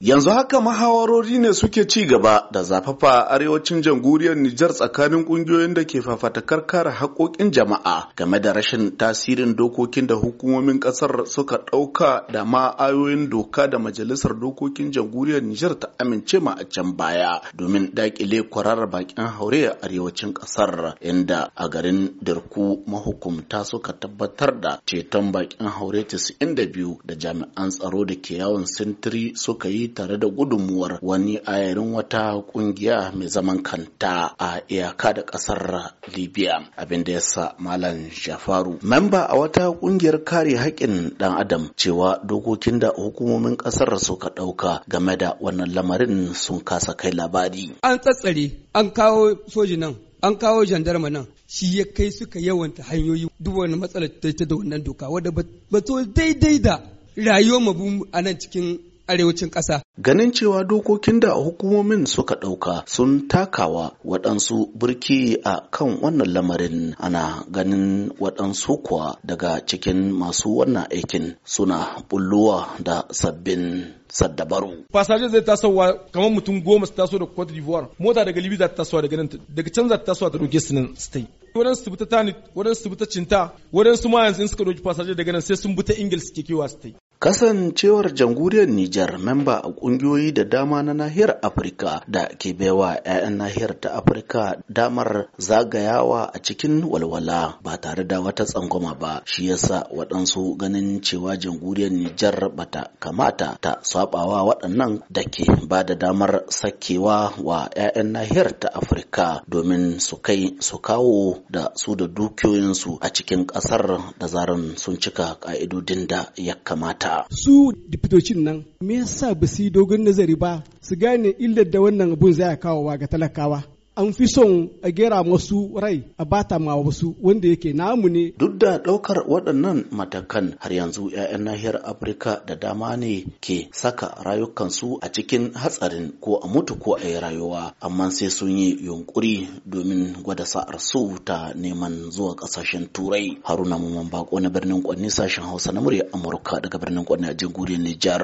Yanzu haka mahawarori ne suke ci gaba da zafafa a arewacin jamhuriyar Nijar tsakanin kungiyoyin da ke fafatakar kare haƙoƙin jama'a game da rashin tasirin dokokin da hukumomin ƙasar suka ɗauka da ma ayoyin doka da majalisar dokokin jamhuriyar Nijar ta amince ma a can baya domin daƙile kwarar bakin haure a arewacin ƙasar inda a garin Dirku mahukumta suka tabbatar da ceton bakin haure 92 da jami'an tsaro da ke yawon sintiri suka yi tare da gudunmuwar wani ayarin wata kungiya mai zaman kanta a iyaka da kasar libya abin da ya sa malam shafaru memba a wata kungiyar kare haƙƙin dan adam cewa dokokin da hukumomin kasar suka ɗauka game da wannan lamarin sun kasa kai labari an tsatsare an kawo soji nan an kawo jandarma nan shi ya kai suka yawanta hanyoyi duk wani matsalar ta da wannan doka wadda ba to daidai da rayuwar mabu a nan cikin arewacin ƙasa. Ganin cewa dokokin da hukumomin suka ɗauka sun takawa waɗansu burki a kan wannan lamarin ana ganin waɗansu kuwa daga cikin masu wannan aikin suna bulluwa da sabbin saddabaru. Fasaje zai tasowa kamar mutum goma su taso da Cote d'Ivoire, mota daga Libya za ta tasowa daga nan daga can za ta tasowa ta ɗauke su nan stai. Wadansu su buta ta Tanit, wadansu su buta Cinta, wadansu ma yanzu in suka doki fasaje daga nan sai sun buta ta Ingil suke kewa stai. Kasancewar jamhuriyar Nijar memba a kungiyoyi da dama na nahiyar Afirka da ke baiwa 'ya'yan nahiyar ta Afirka damar zagayawa a cikin walwala ba tare da wata tsangwama ba shi yasa waɗansu ganin cewa jamhuriyar Nijar bata kamata ta saɓawa waɗannan da ke ba da damar sakewa wa 'ya'yan nahiyar ta Afirka domin su kai su kawo da su da dukiyoyinsu a cikin ƙasar da zaran sun cika ƙa'idodin da ya kamata. ta su dipitocin nan me yasa ba su yi dogon nazari ba su gane illar da wannan abun zai kawowa ga talakawa an fi son a gera masu rai a bata ma wasu wanda yake namu ne. Duk da ɗaukar waɗannan matakan har yanzu 'ya'yan nahiyar Afirka da dama ne ke saka rayukansu a cikin hatsarin ko a mutu ko a yi rayuwa amma sai sun yi yunƙuri domin gwada sa'ar su ta neman zuwa ƙasashen turai. Haruna Mamman Bako na birnin Kwanni sashen Hausa na murya Amurka daga birnin Kwanni a jamhuriyar Nijar.